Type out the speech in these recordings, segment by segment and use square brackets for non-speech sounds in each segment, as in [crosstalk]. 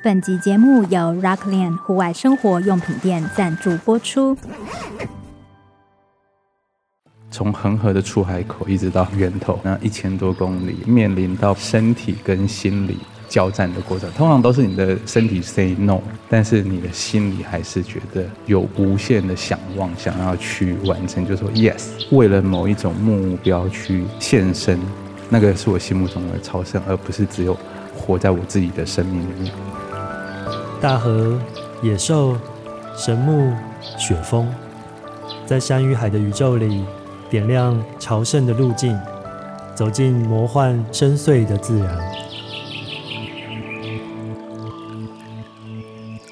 本集節目由 Rockland 戶外生活用品店贊助播出。從恆河的出海口一直到源頭，那一千多公里，面臨到身體跟心理交戰的過程，通常都是你的身體 say no，但是你的心裡還是覺得有無限的想望，想要去完成，就是說 yes，為了某一種目標去獻身，那個是我心目中的超生，而不是只有活在我自己的生命裡面。大河、野獸、神木、雪峰，在山與海的宇宙裡點亮朝聖的路徑，走進魔幻深邃的自然。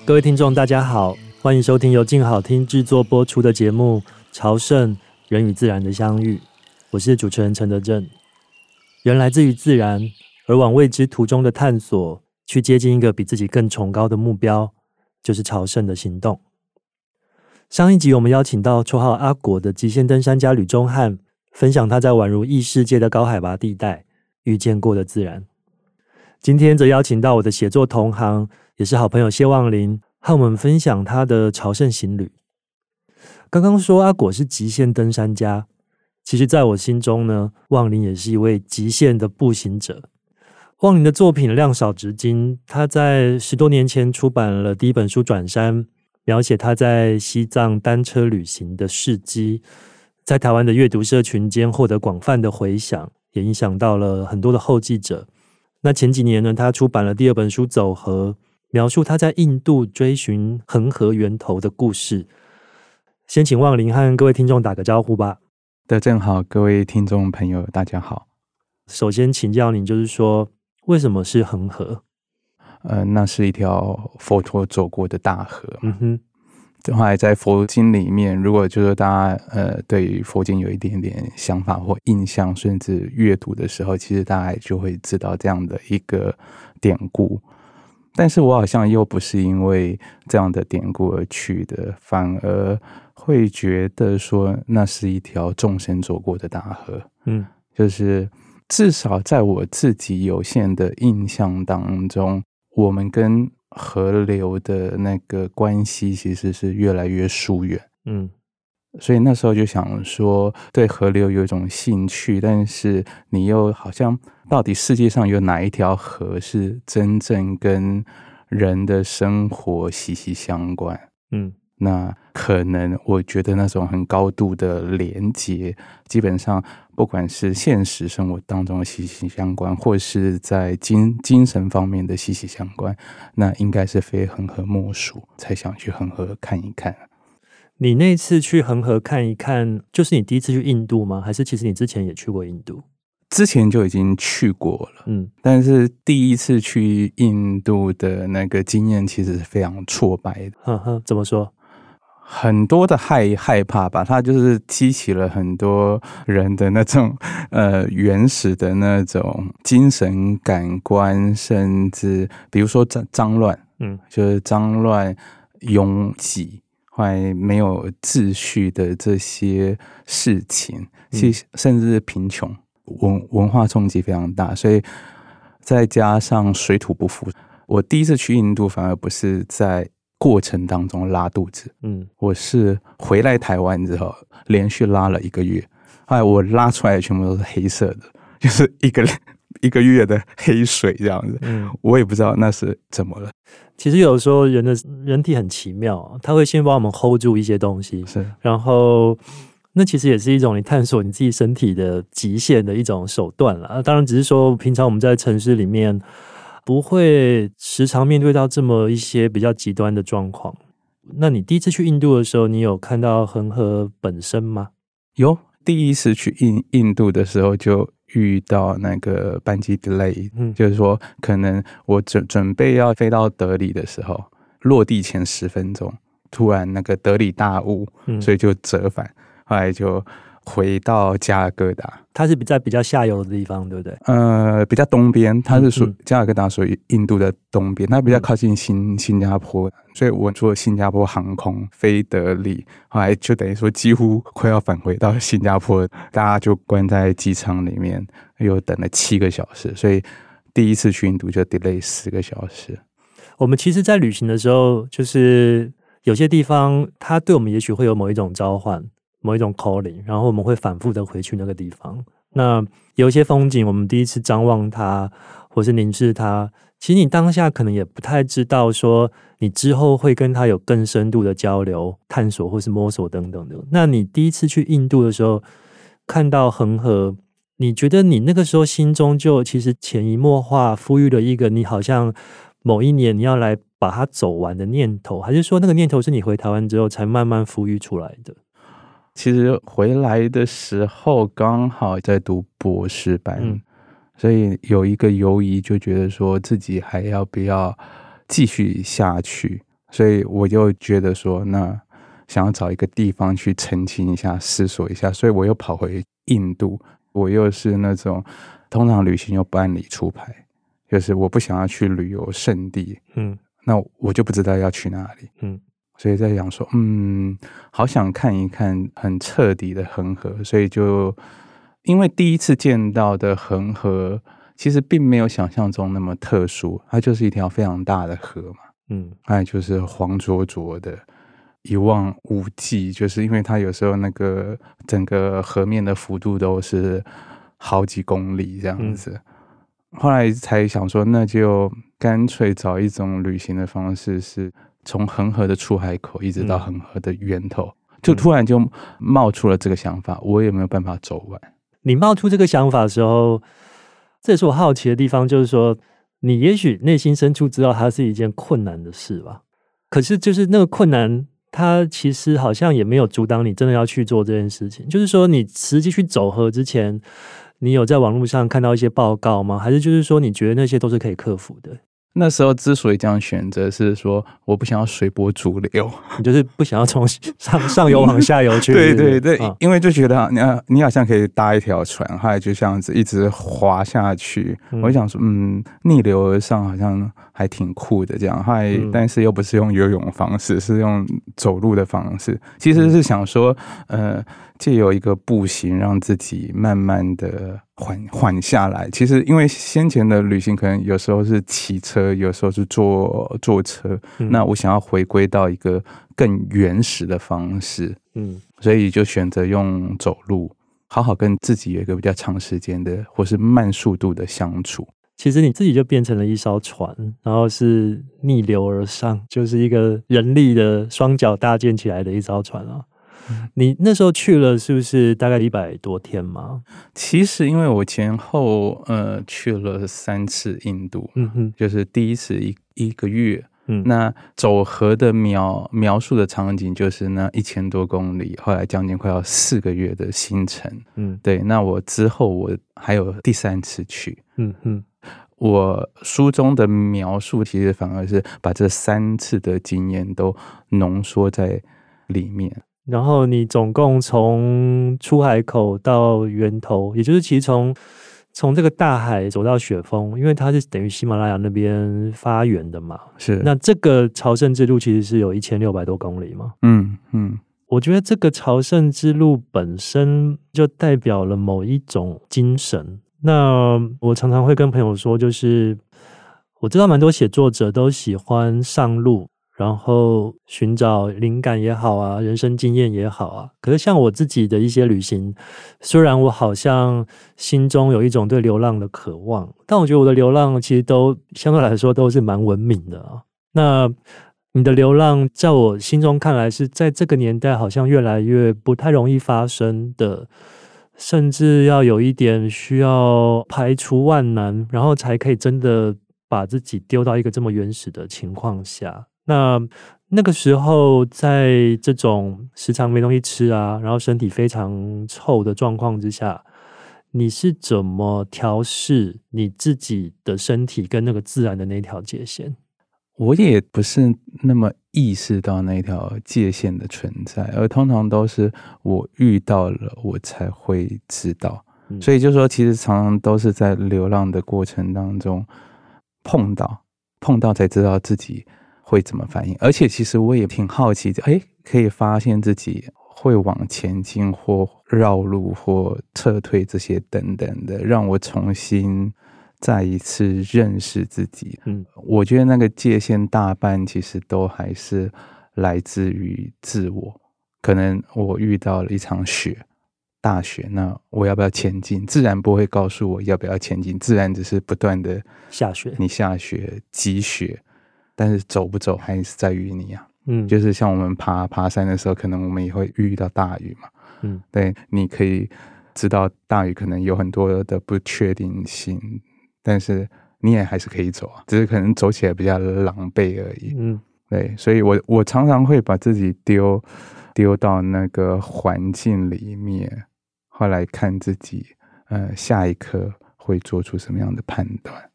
各位聽眾，大家好，歡迎收聽由靜好聽制作播出的節目《朝聖：人與自然的相遇》。我是主持人陳德正。人來自於自然，而往未知途中的探索，去接近一個比自己更崇高的目標，就是朝聖的行動。上一集我們邀請到綽號阿果的極限登山家呂中翰，分享他在宛如異世界的高海拔地帶遇見過的自然。今天則邀請到我的寫作同行，也是好朋友謝旺霖，和我們分享他的朝聖行旅。剛剛說阿果是極限登山家，其實在我心中呢，旺霖也是一位極限的步行者。旺霖的作品量少質精，他在十多年前出版了第一本書《轉山》，描寫他在西藏單車旅行的事迹，在台灣的閱讀社群間獲得廣泛的回響，也影響到了很多的後繼者。那前幾年呢，他出版了第二本書《走河》，描述他在印度追尋恆河源頭的故事。先請旺霖和各位聽眾打個招呼吧。對，正好，各位聽眾朋友，大家好。首先，請教你就是說。為什麼是恆河？呃，那是一條佛陀走過的大河。嗯哼，後來在佛經裡面，如果就是說大家呃對佛經有一點點想法或印象，甚至閱讀的時候，其實大家就會知道這樣的一個典故。但是我好像又不是因為這樣的典故而去的，反而會覺得說那是一條眾生走過的大河。嗯，就是。至少在我自己有限的印象當中，我們跟河流的那個關係其實是越來越疏遠。嗯，所以那時候就想說，對河流有一種興趣，但是你又好像，到底世界上有哪一條河是真正跟人的生活息息相關？嗯。那可能我覺得那種很高度的連接，基本上不管是現實生活當中的息息相關，或是在精精神方面的息息相關，那應該是非恆河莫屬，才想去恆河看一看。你那次去恆河看一看，就是你第一次去印度嗎？還是其實你之前也去過印度之前就已經去過了，嗯，但是第一次去印度的那個經驗其實是非常挫敗的，呵呵，怎麼說？很多的害害怕吧，它就是激起了很多人的那種呃，原始的那種精神感官，甚至比如說髒髒亂，嗯，就是髒亂擁擠，還沒有秩序的這些事情，其實甚至是貧窮，文文化衝擊非常大，所以再加上水土不服，我第一次去印度反而不是在。過程當中拉肚子，嗯，我是回來台灣之後連續拉了一個月，哎，我拉出來的全部都是黑色的，就是一個一個月的黑水這樣子，嗯，我也不知道那是怎麼了。其實有時候人的人體很奇妙，它會先幫我們 hold 住一些東西，是，然後那其實也是一種你探索你自己身體的極限的一種手段了。當然，只是說平常我們在城市裡面。不會時常面對到這麼一些比較極端的狀況。那你第一次去印度的時候，你有看到恆河本身嗎？有，第一次去印印度的時候就遇到那個班機 delay，嗯，就是說可能我準準備要飛到德里的時候，落地前十分鐘，突然那個德里大霧，所以就折返，嗯，後來就。回到加爾各答，它是比在比較下游的地方，對不對？呃，比較東邊，它是屬加爾各答屬於印度的東邊、嗯，它比較靠近新新加坡，所以我們坐新加坡航空飛德里，後來就等於說幾乎快要返回到新加坡，大家就關在機艙裡面，又等了七個小時，所以第一次去印度就 delay 十個小時。我們其實，在旅行的時候，就是有些地方它對我們也許會有某一種召喚。某一種 calling，然後我們會反複的回去那個地方。那有一些風景，我們第一次張望它，或是凝視它，其實你當下可能也不太知道，說你之後會跟它有更深度的交流、探索或是摸索等等的。那你第一次去印度的時候看到恆河，你覺得你那個時候心中就其實潛移默化賦予了一個你好像某一年你要來把它走完的念頭，還是說那個念頭是你回台灣之後才慢慢賦予出來的？其實回來的時候剛好在讀博士班，嗯，所以有一個猶疑，就覺得說自己還要不要繼續下去。所以我就覺得說，那想要找一個地方去澄清一下、思索一下，所以我又跑回印度。我又是那種通常旅行又不按理出牌，就是我不想要去旅遊勝地，嗯，那我就不知道要去哪裡，嗯。所以在想說，嗯，好想看一看很徹底的恆河，所以就因為第一次見到的恆河，其實並沒有想象中那麼特殊，它就是一條非常大的河嘛，嗯，哎，就是黃濁濁的，一望無際，就是因為它有時候那個整個河面的幅度都是好幾公里這樣子，嗯、後來才想說，那就乾脆找一種旅行的方式是。從恆河的出海口一直到恆河的源頭，嗯、就突然就冒出了這個想法，我也沒有辦法走完。你冒出這個想法的時候，這也是我好奇的地方，就是說你也許內心深處知道它是一件困難的事吧？可是就是那個困難，它其實好像也沒有阻擋你真的要去做這件事情。就是說你實際去走河之前，你有在網絡上看到一些報告嗎？還是就是說你覺得那些都是可以克服的？那時候之所以這樣選擇，是說我不想要隨波逐流，就是不想要從上 [laughs] 上游往下游去。 [laughs] 對對對，哦、因為就覺得你好像可以搭一條船，然後就這樣子一直滑下去。嗯、我想說，嗯，逆流而上好像還挺酷的這樣，還但是又不是用游泳的方式，是用走路的方式。其實是想說，呃。借由一個步行，讓自己慢慢的緩緩下來。其實，因為先前的旅行可能有時候是騎車，有時候是坐坐車，嗯。那我想要回歸到一個更原始的方式，嗯，所以就選擇用走路，好好跟自己有一個比較長時間的或是慢速度的相處。其實你自己就變成了一艘船，然後是逆流而上，就是一個人力的雙腳搭建起來的一艘船啊，喔。你那時候去了，是不是大概一百多天嗎？其實，因為我前後呃去了三次印度，嗯哼，就是第一次一一個月，嗯，那走河的描描述的場景就是那一千多公里，後來將近快要四個月的行程，嗯，對。那我之後我還有第三次去，嗯哼，我書中的描述其實反而是把這三次的經驗都濃縮在裡面。然後你總共從出海口到源頭，也就是其實從從這個大海走到雪峰，因為它是等於喜馬拉雅那邊發源的嘛。是，那這個朝聖之路其實是有一千六百多公里嘛。嗯嗯，我覺得這個朝聖之路本身就代表了某一種精神。那我常常會跟朋友說，就是我知道蠻多寫作者都喜歡上路。然後尋找靈感也好啊，人生經驗也好啊。可是像我自己的一些旅行，雖然我好像心中有一種對流浪的渴望，但我覺得我的流浪其實都相對來說都是蠻文明的啊。那你的流浪，在我心中看來，是在這個年代好像越來越不太容易發生的，甚至要有一點需要排除萬難，然後才可以真的把自己丟到一個這麼原始的情況下。那那個時候，在這種時常沒東西吃啊，然後身體非常臭的狀況之下，你是怎麼調適你自己的身體跟那個自然的那條界線？我也不是那麼意識到那條界限的存在，而通常都是我遇到了，我才會知道。所以就是說，其實常常都是在流浪的過程當中碰到，碰到才知道自己。會怎麼反應？而且其實我也挺好奇的，哎，可以發現自己會往前進，或繞路，或撤退，這些等等的，讓我重新再一次認識自己。嗯，我覺得那個界限大半其實都還是來自於自我。可能我遇到了一場雪，大雪，那我要不要前進？自然不會告訴我要不要前進，自然只是不斷地下雪，你下雪，積雪。但是走不走還是在於你啊，嗯，就是像我們爬爬山的時候，可能我們也會遇到大雨嘛，嗯，對，你可以知道大雨可能有很多的不確定性，但是你也還是可以走啊，只是可能走起來比較狼狽而已，嗯，對，所以我我常常會把自己丟丟到那個環境裡面，後來看自己，呃，下一刻會做出什麼樣的判斷。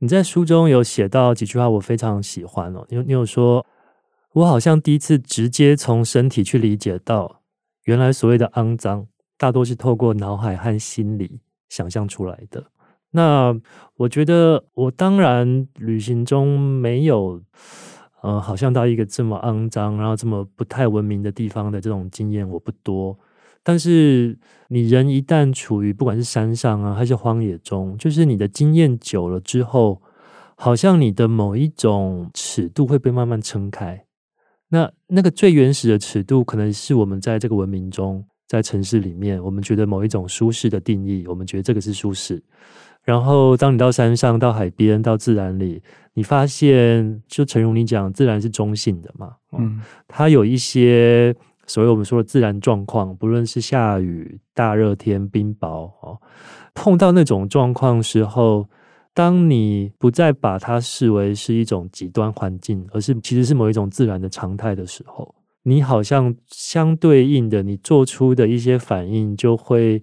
你在書中有寫到幾句話，我非常喜歡哦。你有你有說，我好像第一次直接從身體去理解到，原來所謂的骯髒，大多是透過腦海和心理想象出來的。那我覺得，我當然旅行中沒有，嗯、呃，好像到一個這麼骯髒，然後這麼不太文明的地方的這種經驗，我不多。但是你人一旦處於不管是山上啊還是荒野中，就是你的經驗久了之後，好像你的某一種尺度會被慢慢撐開。那那個最原始的尺度，可能是我們在這個文明中，在城市裡面，我們覺得某一種舒適的定義，我們覺得這個是舒適。然後當你到山上、到海邊、到自然裡，你發現，就誠如你講，自然是中性的嘛，哦、嗯，它有一些。所以我們說的自然狀況，不論是下雨、大熱天、冰雹哦，碰到那種狀況的時候，當你不再把它視為是一種極端環境，而是其實是某一種自然的常態的時候，你好像相對應的，你做出的一些反應就會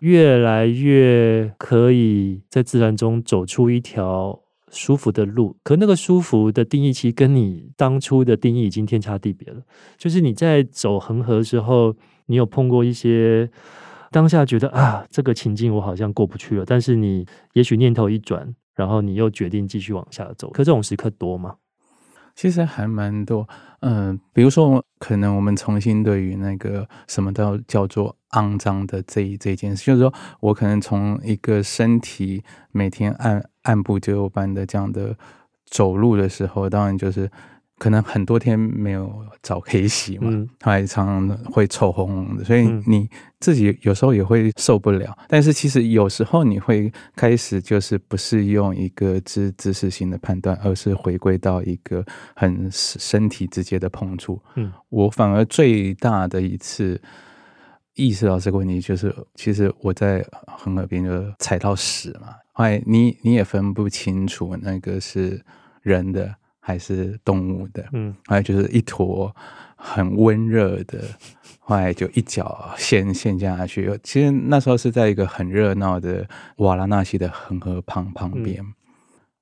越來越可以在自然中走出一條。舒服的路，可那個舒服的定義其實跟你當初的定義已經天差地別了。就是你在走恆河的時候，你有碰過一些當下覺得啊，這個情境我好像過不去了，但是你也許念頭一轉，然後你又決定繼續往下走。可這種時刻多嗎？其實還蠻多，嗯、呃，比如說，我可能我們重新對於那個什麼都要叫做骯髒的這一這件事，就是說，我可能從一個身體每天按按部就班的這樣的走路的時候，當然就是。可能很多天沒有澡可以洗嘛，嗯，還常常會臭烘烘的，所以你自己有時候也會受不了。但是其實有時候你會開始就是不是用一個知知識性的判斷，而是回歸到一個很身體直接的碰觸。嗯，我反而最大的一次意識到這個問題，就是其實我在恆河邊就踩到屎嘛，哎，你你也分不清楚那個是人的。還是動物的，嗯，還有就是一坨很溫熱的，後來就一腳陷陷下去。其實那時候是在一個很熱鬧的瓦拉納西的恆河旁旁邊，嗯、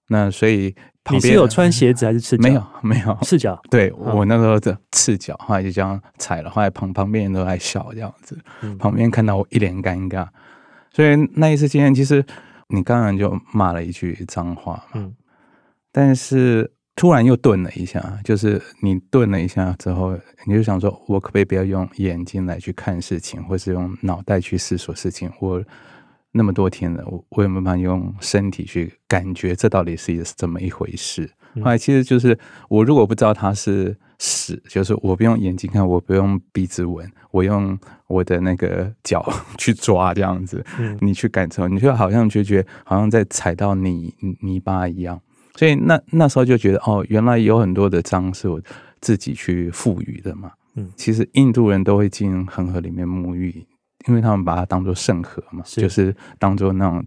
那所以旁邊你是有穿鞋子還是赤腳？沒有，沒有赤腳。對、嗯、我那時候的赤腳，後來就這樣踩了，後來旁旁邊人都在笑這樣子，旁邊看到我一臉尷尬，所以那一次經驗，其實你剛剛就罵了一句髒話嘛，嗯、但是。突然又頓了一下，就是你頓了一下之後，你就想說，我可不可以不要用眼睛來去看事情，或是用腦袋去思索事情？我那麼多天了，我我有沒有辦法用身體去感覺這到底是怎麼一回事？嗯、後來其實就是，我如果不知道它是屎，就是我不用眼睛看，我不用鼻子聞，我用我的那個腳 [laughs] 去抓，這樣子，嗯、你去感受，你就好像就覺得好像在踩到泥泥巴一樣。所以那那時候就覺得哦，原來有很多的髒是我自己去賦予的嘛。嗯，其實印度人都會進恆河裡面沐浴，因為他們把它當做聖河嘛，就是當做那種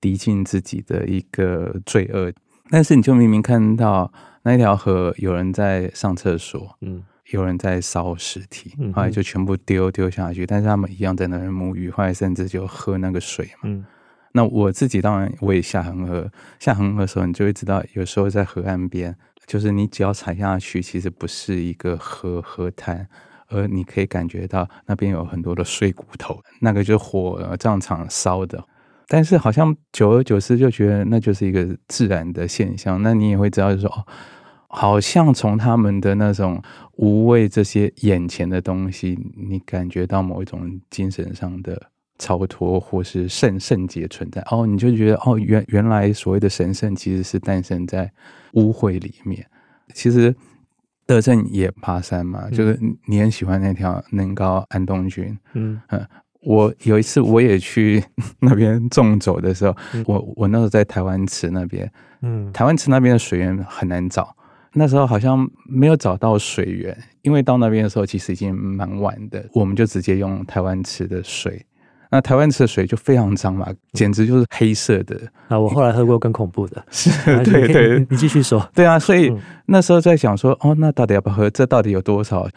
滌淨自己的一個罪惡。但是你就明明看到那條河有人在上廁所，嗯，有人在燒屍體，嗯，後來就全部丟丟下去，但是他們一樣在那邊沐浴，後來甚至就喝那個水嘛。嗯那我自己當然我也下恆河，下恆河的時候，你就會知道，有時候在河岸邊，就是你只要踩下去，其實不是一個河河灘，而你可以感覺到那邊有很多的碎骨頭，那個就是火葬場燒的。但是好像久而久之就覺得那就是一個自然的現象。那你也會知道，就是說，哦，好像從他們的那種無畏這些眼前的東西，你感覺到某一種精神上的。超脫或是聖聖潔存在哦，你就覺得哦，原原來所謂的神聖其實是誕生在污穢裡面。其實德正也爬山嘛、嗯，就是你很喜歡那條能高安東軍，嗯嗯，我有一次我也去那邊縱走的時候，嗯、我我那時候在台灣池那邊，嗯，台灣池那邊的水源很難找、嗯，那時候好像沒有找到水源，因為到那邊的時候其實已經蠻晚的，我們就直接用台灣池的水。那台灣吃的水就非常髒嘛，簡直就是黑色的。啊我後來喝過更恐怖的，是， [laughs] 對對、對， [laughs] 你繼續說。對啊，所以那時候在想說，哦，那到底要不要喝？這到底有多少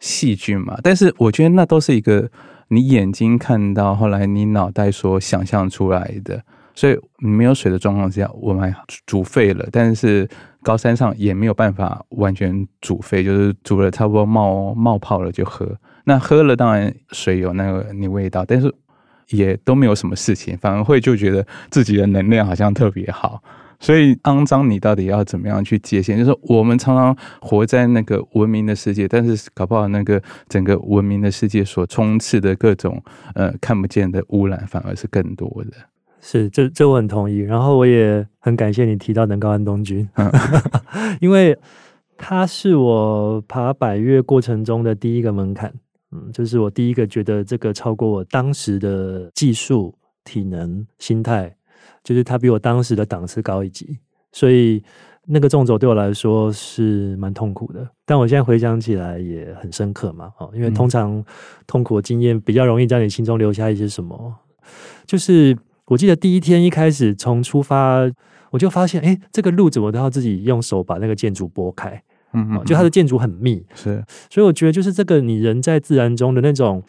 細菌嘛？但是我覺得那都是一個你眼睛看到，後來你腦袋所想象出來的。所以沒有水的狀況之下，我們還煮沸了，但是高山上也沒有辦法完全煮沸，就是煮了差不多冒冒泡了就喝。那喝了當然水有那個你味道，但是。也都沒有什麼事情，反而會就覺得自己的能量好像特別好。所以，骯髒你到底要怎麼樣去界限？就是我們常常活在那個文明的世界，但是搞不好那個整個文明的世界所充斥的各種呃看不見的污染，反而是更多的。是這這我很同意，然後我也很感謝你提到能高安東軍， [laughs] 因為他是我爬百岳過程中的第一個門檻。嗯，就是我第一個覺得這個超過我當時的技術、體能、心態，就是它比我當時的檔次高一級，所以那個重走對我來說是蠻痛苦的。但我現在回想起來也很深刻嘛，哦，因為通常痛苦的經驗比較容易在你心中留下一些什麼。嗯、就是我記得第一天一開始從出發，我就發現，哎、欸，這個路子我都要自己用手把那個建築撥開。嗯、哦、嗯，就它的建築很密，是，所以我覺得就是這個，你人在自然中的那種，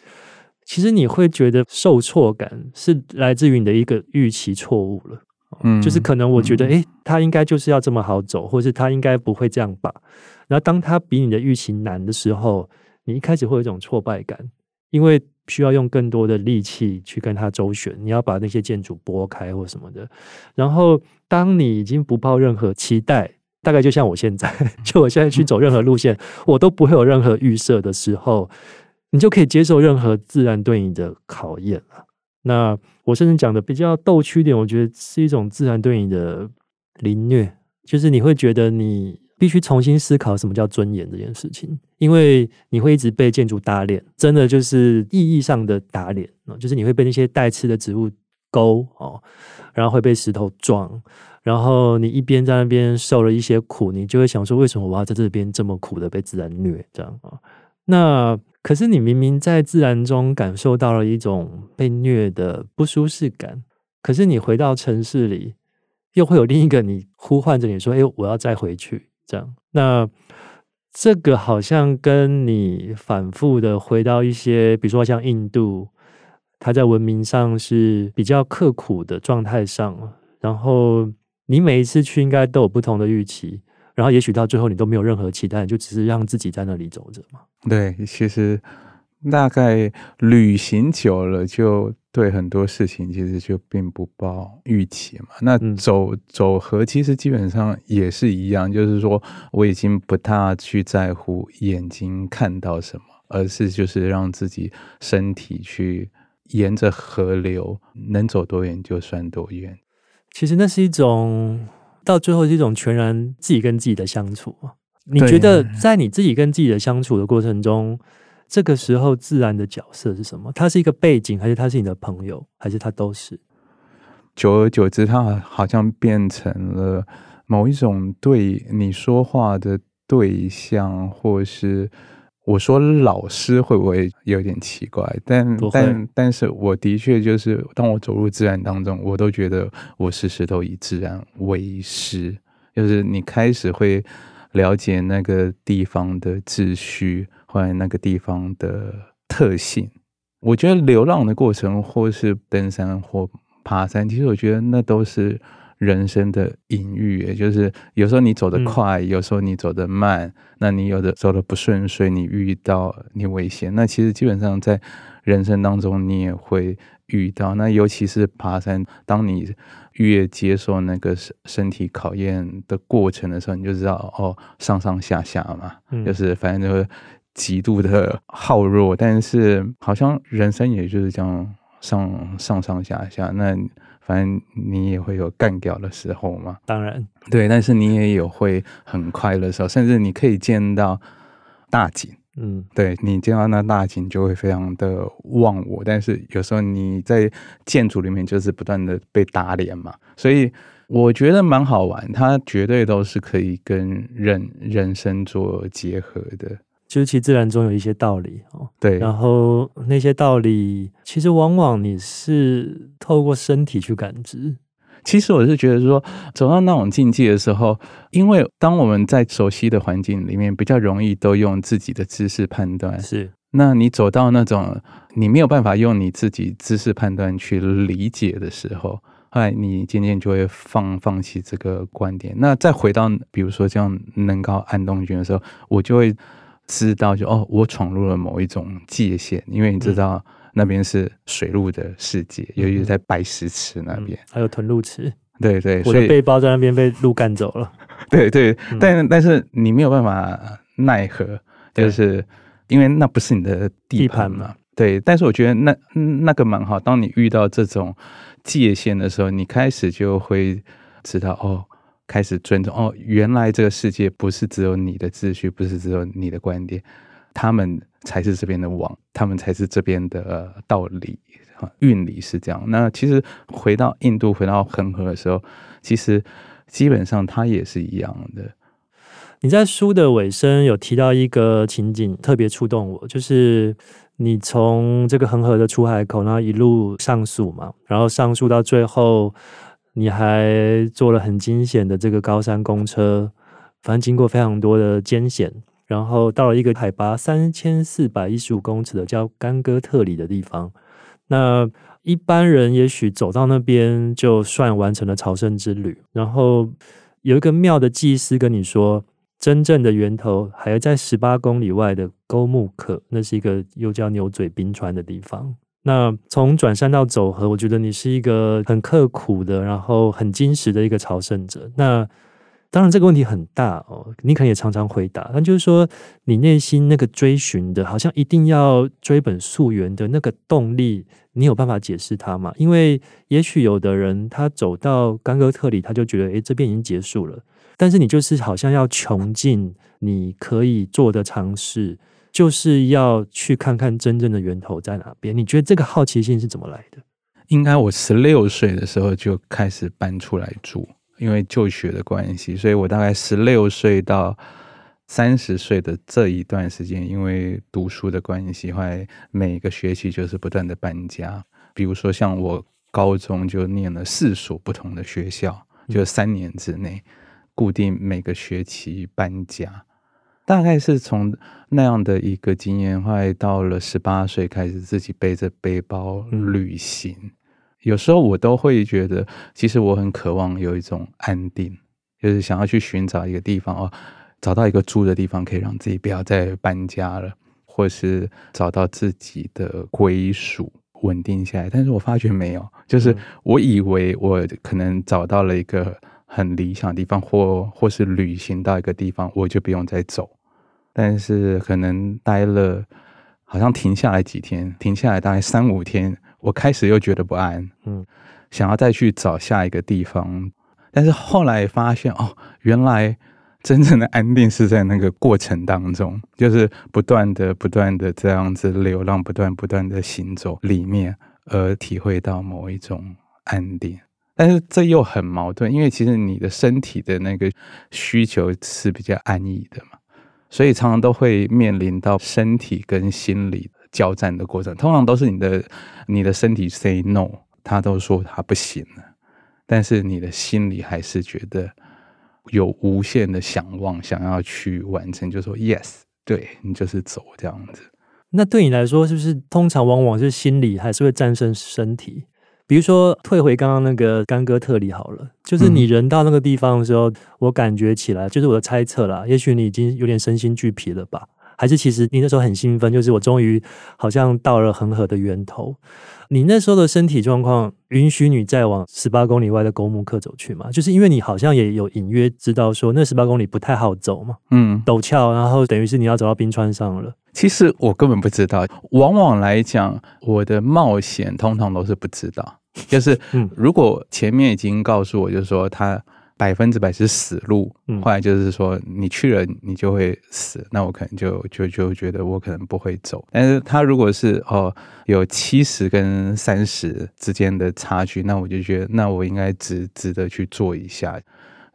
其實你會覺得受挫感是來自於你的一個預期錯誤了、哦。嗯，就是可能我覺得，誒、嗯欸，它應該就是要這麼好走，或者是它應該不會這樣吧。然後，當它比你的預期難的時候，你一開始會有一種挫敗感，因為需要用更多的力氣去跟它周旋，你要把那些建築撥開或什麼的。然後，當你已經不抱任何期待，大概就像我現在，就我現在去走任何路線，我都不會有任何預設的時候，你就可以接受任何自然對你的考驗了。那我甚至講的比較逗趣一點，我覺得是一種自然對你的凌虐，就是你會覺得你必須重新思考什麼叫尊嚴這件事情，因為你會一直被建築打臉，真的就是意義上的打臉，就是你會被那些帶刺的植物。溝哦，然後會被石頭撞，然後你一邊在那邊受了一些苦，你就會想說：為什麼我要在這邊這麼苦的被自然虐這樣啊？那可是你明明在自然中感受到了一種被虐的不舒適感，可是你回到城市裡，又會有另一個你呼喚着你說：誒，我要再回去這樣。那這個好像跟你反覆的回到一些，比如說像印度。他在文明上是比較刻苦的狀態上，然後你每一次去應該都有不同的預期，然後也許到最後你都沒有任何期待，就只是讓自己在那裡走着嘛。對，其實大概旅行久了，就對很多事情其實就並不抱預期嘛。那走走河其實基本上也是一樣，嗯、就是說我已經不大去在乎眼睛看到什麼，而是就是讓自己身體去。沿着河流，能走多遠就算多遠，其實那是一種到最後是一種全然自己跟自己的相處。你覺得在你自己跟自己的相處的過程中，這個時候自然的角色是什麼？他是一個背景，還是他是你的朋友，還是他都是？久而久之，他好像變成了某一種對你說話的對象，或是。我說老師會不會有點奇怪？但但但是我的確就是，當我走入自然當中，我都覺得我時時都以自然為師。就是你開始會了解那個地方的秩序，或者那個地方的特性。我覺得流浪的過程，或是登山或爬山，其實我覺得那都是。人生的隱喻，也就是有時候你走得快，嗯、有時候你走得慢，那你有的走得不順遂，你遇到你危險。那其實基本上在人生當中，你也會遇到。那尤其是爬山，當你越接受那個身身體考驗的過程的時候，你就知道哦，上上下下嘛，就是反正就是極度的耗弱。但是好像人生也就是這樣。上上上下下，那反正你也會有乾掉的時候嘛。當然，對，但是你也有會很快樂的時候，甚至你可以見到大景。嗯，對，你見到那大景就會非常的忘我，但是有時候你在建築裡面就是不斷的被打臉嘛，所以我覺得蠻好玩，它絕對都是可以跟人人生做結合的。順其自然中有一些道理哦，對。然後那些道理其實往往你是透過身體去感知。其實我是覺得說，走到那種境界的時候，因為當我們在熟悉的環境裡面，比較容易都用自己的知識判斷。是，那你走到那種你沒有辦法用你自己知識判斷去理解的時候，後來你漸漸就會放放棄這個觀點。那再回到比如說這樣能夠安冬軍的時候，我就會。知道就哦，我闖入了某一種界限，因為你知道那邊是水鹿的世界，嗯，尤其是在白石池那邊，嗯，還有屯鹿池。對對、對所以，我的背包在那邊被鹿趕走了。對對、對、嗯，但但是你沒有辦法奈何，就是因為那不是你的地盤嘛、嘛。對，但是我覺得那那個蠻好，當你遇到這種界限的時候，你開始就會知道哦。開始尊重哦，原來這個世界不是只有你的秩序，不是只有你的觀點，他們才是這邊的王，他們才是這邊的道理啊，運理是這樣。那其實回到印度，回到恆河的時候，其實基本上它也是一樣的。你在書的尾聲有提到一個情景，特別觸動我，就是你從這個恆河的出海口那一路上溯嘛，然後上溯到最後。你還坐了很驚險的這個高山公車，反正經過非常多的艱險，然後到了一個海拔三千四百一十五公尺的叫甘戈特里的地方。那一般人也許走到那邊就算完成了朝聖之旅。然後有一個廟的祭司跟你說，真正的源頭還在十八公里外的溝木克，那是一個又叫牛嘴冰川的地方。那從轉山到走河，我覺得你是一個很刻苦的，然後很堅持的一個朝聖者。那當然這個問題很大哦，你可能也常常回答。那就是說，你內心那個追尋的，好像一定要追本溯源的那個動力，你有辦法解釋它嗎？因為也許有的人他走到甘戈特里，他就覺得哎，這邊已經結束了。但是你就是好像要窮盡你可以做的嘗試。就是要去看看真正的源頭在哪邊？你覺得這個好奇心是怎麼來的？應該我十六歲的時候就開始搬出來住，因為就學的關係，所以我大概十六歲到三十歲的這一段時間，因為讀書的關係，後來每個學期就是不斷的搬家。比如說，像我高中就念了四所不同的學校，就三年之內，固定每個學期搬家。大概是從那樣的一個經驗，後來到了十八歲開始自己背着背包旅行。嗯。有時候我都會覺得，其實我很渴望有一種安定，就是想要去尋找一個地方哦，找到一個住的地方，可以讓自己不要再搬家了，或是找到自己的歸屬，穩定下來。但是我發覺沒有，就是我以為我可能找到了一個。很理想的地方，或、或是旅行到一個地方，我就不用再走。但是可能待了，好像停下來幾天，停下來大概三五天，我開始又覺得不安，嗯，想要再去找下一個地方。但是後來發現，哦，原來真正的安定是在那個過程當中，就是不斷的、不斷的這樣子流浪，不斷、不斷的行走裡面，而體會到某一種安定。但是這又很矛盾，因為其實你的身體的那個需求是比較安逸的嘛，所以常常都會面臨到身體跟心理交戰的過程。通常都是你的你的身體 say no，他都說他不行了，但是你的心裡還是覺得有無限的想望，想要去完成，就說 yes，對，你就是走這樣子。那對你來說，是不是通常往往是心理還是會戰勝身體？比如說退回剛剛那個干戈特裡好了，就是你人到那個地方的時候，嗯，我感覺起來，就是我的猜測啦，也許你已經有點身心俱疲了吧？還是其實你那時候很興奮，就是我終於好像到了恆河的源頭。你那時候的身體狀況允許你再往十八公里外的公木克走去嗎？就是因為你好像也有隱約知道說那十八公里不太好走嘛，嗯，陡峭，然後等於是你要走到冰川上了。其實我根本不知道。往往來講，我的冒險通常都是不知道。就是，如果前面已經告訴我，就是說他百分之百是死路，後來就是說你去了你就會死，那我可能就就就覺得我可能不會走。但是他如果是哦，有七十跟三十之間的差距，那我就覺得，那我應該值值得去做一下。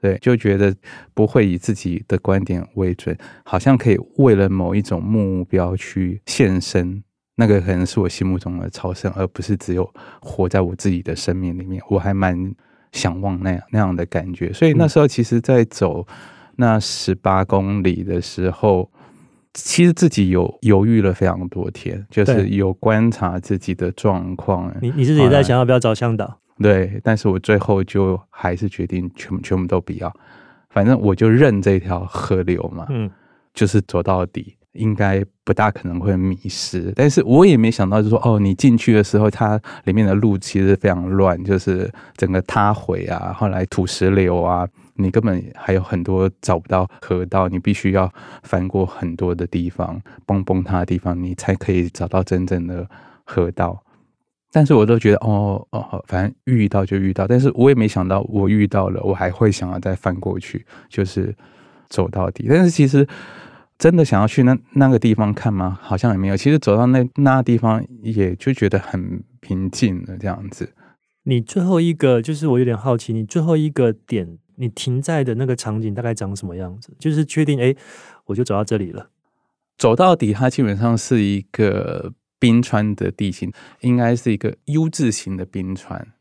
對，就覺得不會以自己的觀點為準，好像可以為了某一種目標去獻身，那個可能是我心目中的超生，而不是只有活在我自己的生命裡面。我還蠻想望那樣那樣的感覺，所以那時候其實在走那十八公里的時候，其實自己有猶豫了非常多天，就是有觀察自己的狀況。你你自己在想要不要找嚮導？嗯對，但是我最後就還是決定全部全部都不要，反正我就認這條河流嘛，嗯，就是走到底，應該不大可能會迷失。但是我也沒想到，就是說，哦，你進去的時候，它裡面的路其實非常亂，就是整個塌毀啊，後來土石流啊，你根本還有很多找不到河道，你必須要翻過很多的地方，崩崩塌的地方，你才可以找到真正的河道。但是我都覺得哦哦，好，反正遇到就遇到。但是我也沒想到，我遇到了，我還會想要再翻過去，就是走到底。但是其實真的想要去那那個地方看嗎？好像也沒有。其實走到那那地方，也就覺得很平靜的這樣子。你最後一個就是我有點好奇，你最後一個點你停在的那個場景大概長什麼樣子？就是確定哎，我就走到這裡了，走到底，它基本上是一個。冰川的地形應該是一個 U 字形的冰川，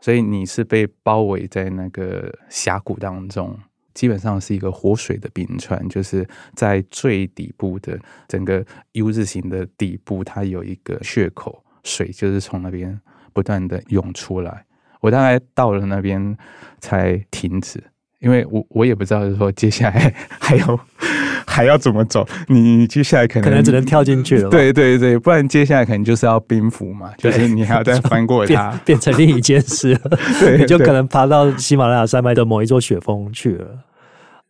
所以你是被包圍在那個峽谷當中，基本上是一個活水的冰川，就是在最底部的整個 U 字形的底部，它有一個穴口，水就是從那邊不斷的湧出來。我大概到了那邊才停止，因為我我也不知道就是說接下來 [laughs] 還有。還要怎麼走？你接下來可能可能只能跳進去了。對對對，不然接下來可能就是要冰斧嘛，就是你還要再翻過它，變成另一件事。 [laughs] 你就可能爬到喜馬拉雅山脈的某一座雪峰去了。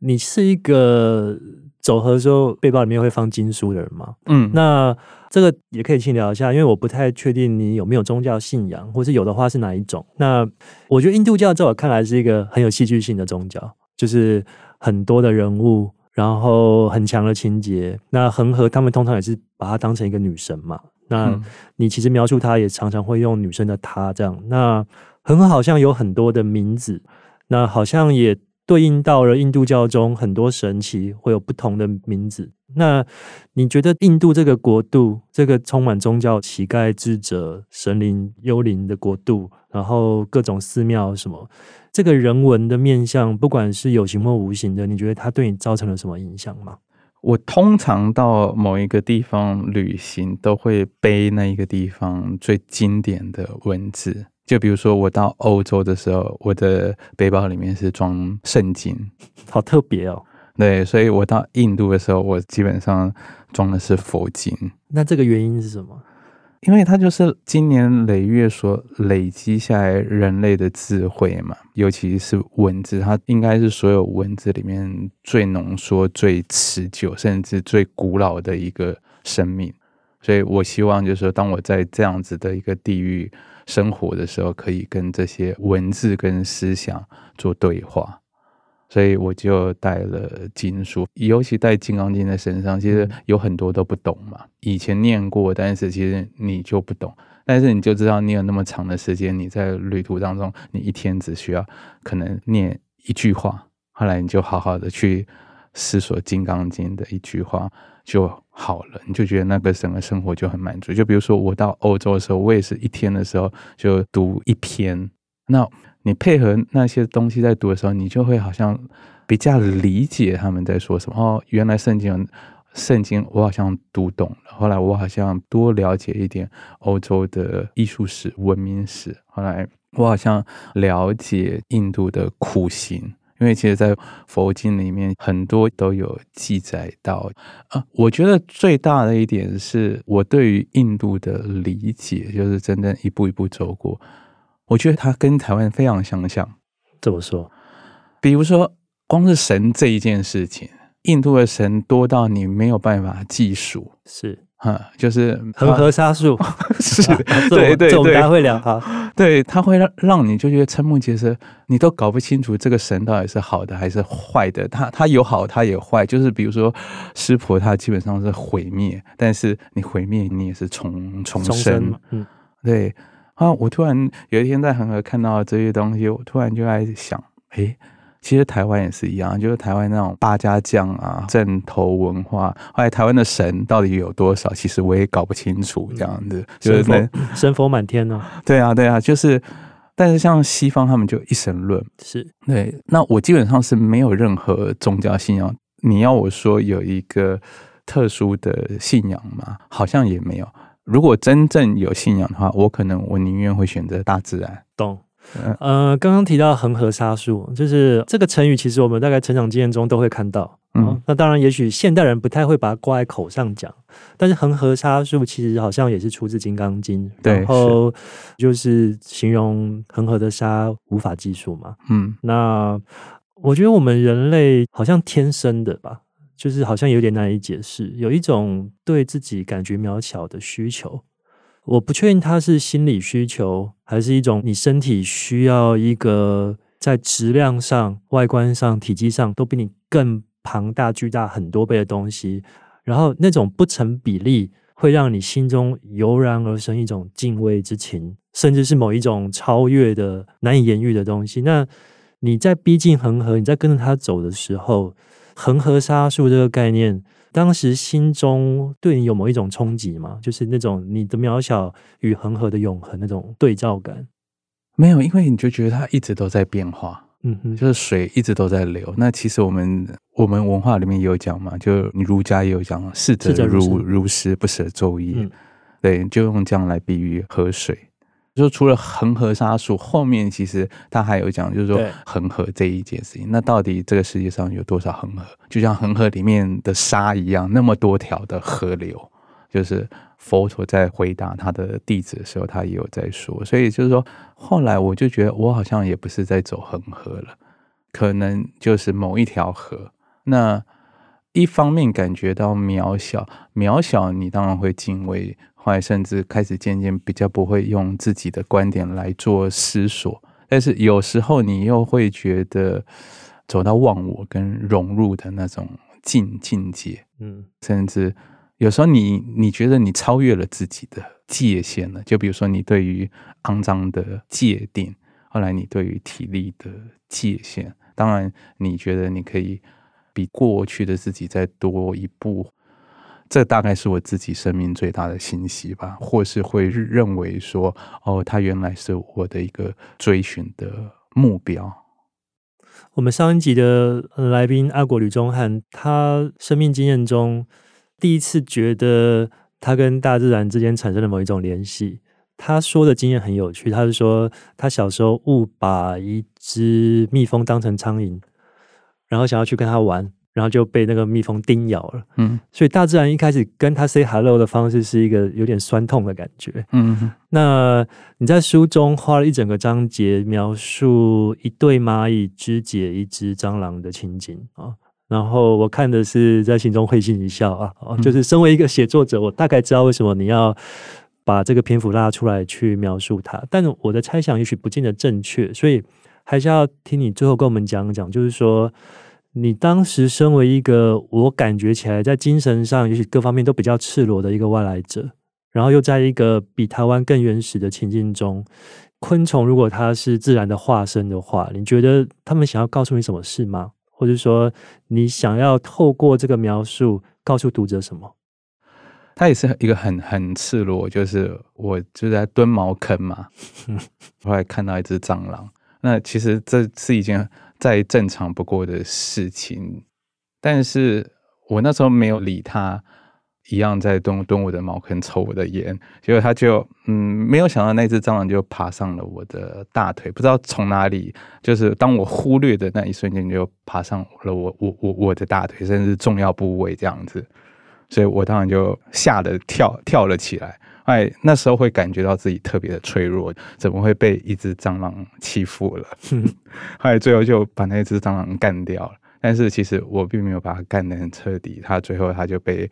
你是一個走恆河的時候背包裡面會放經書的人嗎？嗯，那這個也可以去聊一下，因為我不太確定你有沒有宗教信仰，或是有的話是哪一種。那我覺得印度教在我看來是一個很有戲劇性的宗教，就是很多的人物。然後很強的情節，那恆河他們通常也是把她當成一個女神嘛。那你其實描述她也常常會用女生的她這樣。那恆河好像有很多的名字，那好像也。對應到了印度教中很多神祇會有不同的名字。那你覺得印度這個國度，這個充滿宗教、乞丐、智者、神靈、幽靈的國度，然後各種寺廟什麼，這個人文的面向，不管是有形或無形的，你覺得它對你造成了什麼影響嗎？我通常到某一個地方旅行，都會背那一個地方最經典的文字。就比如說，我到歐洲的時候，我的背包裡面是裝聖經，好特別哦。對，所以我到印度的時候，我基本上裝的是佛經。那這個原因是什麼？因為它就是經年累月所累積下來人類的智慧嘛，尤其是文字，它應該是所有文字裡面最濃縮、最持久，甚至最古老的一個生命。所以我希望就是說，當我在這樣子的一個地域，生活的時候可以跟這些文字跟思想做對話，所以我就帶了經書，尤其帶《金剛經》在身上。其實有很多都不懂嘛，以前念過，但是其實你就不懂。但是你就知道，你有那麼長的時間，你在旅途當中，你一天只需要可能念一句話。後來你就好好的去思索《金剛經》的一句話。就好了，你就覺得那個整個生活就很滿足。就比如說我到歐洲的時候，我也是一天的時候就讀一篇。那你配合那些東西在讀的時候，你就會好像比較理解他們在說什麼。哦，原來聖經，聖經我好像讀懂了。後來我好像多了解一點歐洲的藝術史、文明史。後來我好像了解印度的苦行。因為其實，在佛經裡面很多都有記載到啊，我覺得最大的一點是我對於印度的理解，就是真正一步一步走過，我覺得它跟台灣非常相像。怎麼說？比如說，光是神這一件事情，印度的神多到你沒有辦法計數。是。嗯，就是恆河沙數，合合 [laughs] 是，啊、 [laughs] 對總對，對，它會兩行，對，它會讓讓你就覺得瞠目結舌，你都搞不清楚這個神到底是好的還是壞的，它它有好，它也壞，就是比如說濕婆，它基本上是毀滅，但是你毀滅，你也是重重生，重生嗯、對，啊、嗯，我突然有一天在恆河看到這些東西，我突然就在想，哎、欸。其實台灣也是一樣，就是台灣那種八家將啊、陣頭文化。後來台灣的神到底有多少？其實我也搞不清楚，這樣子，嗯、神佛就是神佛滿天吶、啊。對啊，對啊，就是。但是像西方他們就一神論，是。對，那我基本上是沒有任何宗教信仰。你要我說有一個特殊的信仰嗎？好像也沒有。如果真正有信仰的話，我可能我寧願會選擇大自然。懂。呃，剛剛提到恆河沙數，就是這個成語，其實我們大概成長經驗中都會看到。嗯，哦、那當然，也許現代人不太會把它掛在口上講，但是恆河沙數其實好像也是出自《金剛經》，然後就是形容恆河的沙無法計數嘛。嗯，那我覺得我們人類好像天生的吧，就是好像有點難以解釋，有一種對自己感覺渺小的需求。我不確定它是心理需求，還是一種你身體需要一個在質量上、外觀上、體積上都比你更龐大、巨大很多倍的東西，然後那種不成比例會讓你心中油然而生一種敬畏之情，甚至是某一種超越的難以言喻的東西。那你在逼近恆河，你在跟着它走的時候，恆河沙數這個概念。當時心中對你有某一種衝擊嗎？就是那種你的渺小與恆河的永恆那種對照感。沒有，因為你就覺得它一直都在變化，嗯哼，就是水一直都在流。那其實我們我們文化裡面也有講嘛，就你儒家也有講，逝者如逝者如，如斯不舍晝夜。嗯，對，就用這樣來比喻河水。就除了恆河沙數，後面其實他還有講，就是說恆河這一件事情。那到底這個世界上有多少恆河？就像恆河裡面的沙一樣，那麼多條的河流。就是佛陀在回答他的弟子的時候，他也有在說。所以就是說，後來我就覺得，我好像也不是在走恆河了，可能就是某一條河。那一方面感覺到渺小，渺小，你當然會敬畏。後來甚至開始漸漸比較不會用自己的觀點來做思索，但是有時候你又會覺得走到忘我跟融入的那種境境界，嗯，甚至有時候你你覺得你超越了自己的界限了，就比如說你對於骯髒的界定，後來你對於體力的界限，當然你覺得你可以比過去的自己再多一步。這大概是我自己生命最大的欣喜吧，或是會認為說，哦，他原來是我的一個追尋的目標。我們上一集的來賓阿果呂中翰，他生命經驗中第一次覺得他跟大自然之間產生了某一種聯繫。他說的經驗很有趣，他是說他小時候誤把一隻蜜蜂當成蒼蠅，然後想要去跟他玩。然後就被那個蜜蜂叮咬了。嗯，所以大自然一開始跟他 say hello 的方式是一個有點痠痛的感覺。嗯，那你在書中花了一整個章節描述一對螞蟻肢解一只蟑螂的情景啊、哦。然後我看的是在心中會心一笑啊、哦嗯，就是身為一個寫作者，我大概知道為什麼你要把這個篇幅拉出來去描述它，但我的猜想也許不見得正確，所以還是要聽你最後跟我們講講，就是說。你當時身為一個，我感覺起來在精神上，也許各方面都比較赤裸的一個外來者，然後又在一個比台灣更原始的情境中，昆蟲如果它是自然的化身的話，你覺得他們想要告訴你什麼事嗎？或者說，你想要透過這個描述告訴讀者什麼？它也是一個很很赤裸，就是我就是在蹲茅坑嘛， [laughs] 我還看到一隻蟑螂。那其實這是一件。再正常不過的事情，但是我那時候沒有理他，一樣在蹲蹲我的茅坑抽我的煙，結果他就嗯，沒有想到那只蟑螂就爬上了我的大腿，不知道從哪裡，就是當我忽略的那一瞬間，就爬上了我我我我的大腿，甚至重要部位這樣子，所以我當然就嚇得跳跳了起來。哎，那時候會感覺到自己特別的脆弱，怎麼會被一只蟑螂欺負了？後 [laughs] 來最後就把那只蟑螂幹掉了，但是其實我並沒有把它幹得很徹底，它最後它就被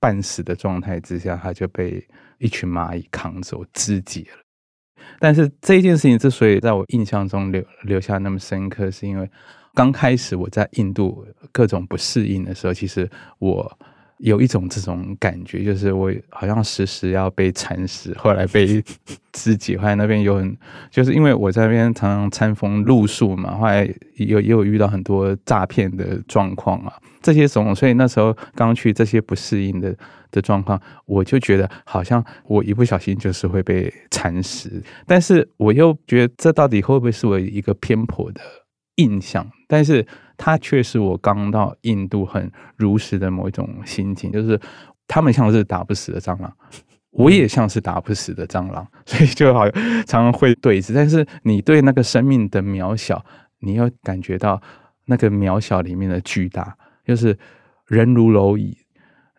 半死的狀態之下，它就被一群螞蟻扛走肢解了。但是這件事情之所以在我印象中留留下那麼深刻，是因為剛開始我在印度各種不適應的時候，其實我。有一種這種感覺，就是我好像時時要被蠶食。後來被自己，後來那邊有很，就是因為我在那邊常常餐風露宿嘛，後來也有也有遇到很多詐騙的狀況啊。這些種種，所以那時候剛去這些不適應的的狀況，我就覺得好像我一不小心就是會被蠶食。但是我又覺得這到底會不會是我一個偏頗的印象，但是它卻是我剛到印度很如實的某一種心情，就是他們像是打不死的蟑螂，我也像是打不死的蟑螂，嗯、所以就好像常常會對峙。但是你對那個生命的渺小，你要感覺到那個渺小裡面的巨大，就是人如螻蟻。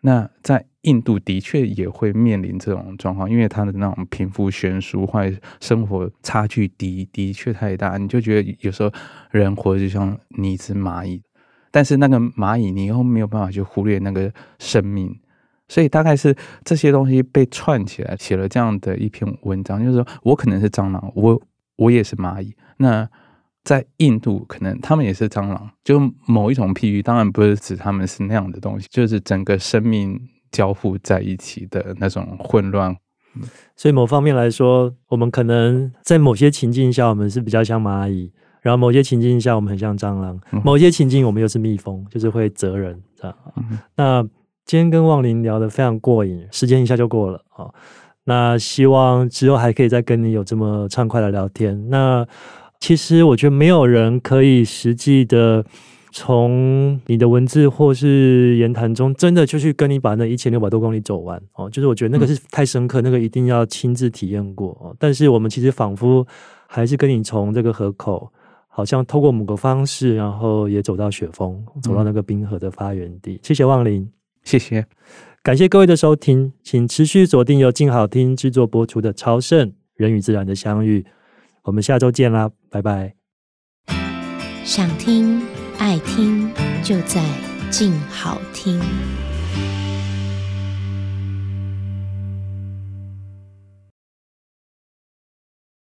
那在印度的確也會面臨這種狀況，因為他的那種貧富懸殊或者生活差距低的的確太大，你就覺得有時候人活着就像你一只螞蟻，但是那個螞蟻你又沒有辦法去忽略那個生命，所以大概是這些東西被串起來寫了這樣的一篇文章，就是說我可能是蟑螂，我我也是螞蟻，那。在印度，可能他們也是蟑螂，就某一種譬喻，當然不是指他們是那樣的東西，就是整個生命交互在一起的那種混亂。所以某方面來說，我們可能在某些情境下，我們是比較像螞蟻；然後某些情境下，我們很像蟑螂；某些情境，我們又是蜜蜂，就是會蜇人這樣、嗯。那今天跟旺霖聊得非常過癮，時間一下就過了。那希望之後還可以再跟你有這麼暢快的聊天。那。其實我覺得沒有人可以實際的從你的文字或是言談中，真的就去跟你把那一千六百多公里走完哦。就是我覺得那個是太深刻，嗯、那個一定要親自體驗過哦。但是我們其實仿佛還是跟你從這個河口，好像透過某個方式，然後也走到雪峰，走到那個冰河的發源地。嗯、謝謝旺霖，謝謝，感謝各位的收聽，請持續鎖定由鏡好聽制作播出的《朝聖人與自然的相遇》。我們下周見啦，拜拜。想聽、愛聽，就在靜好聽。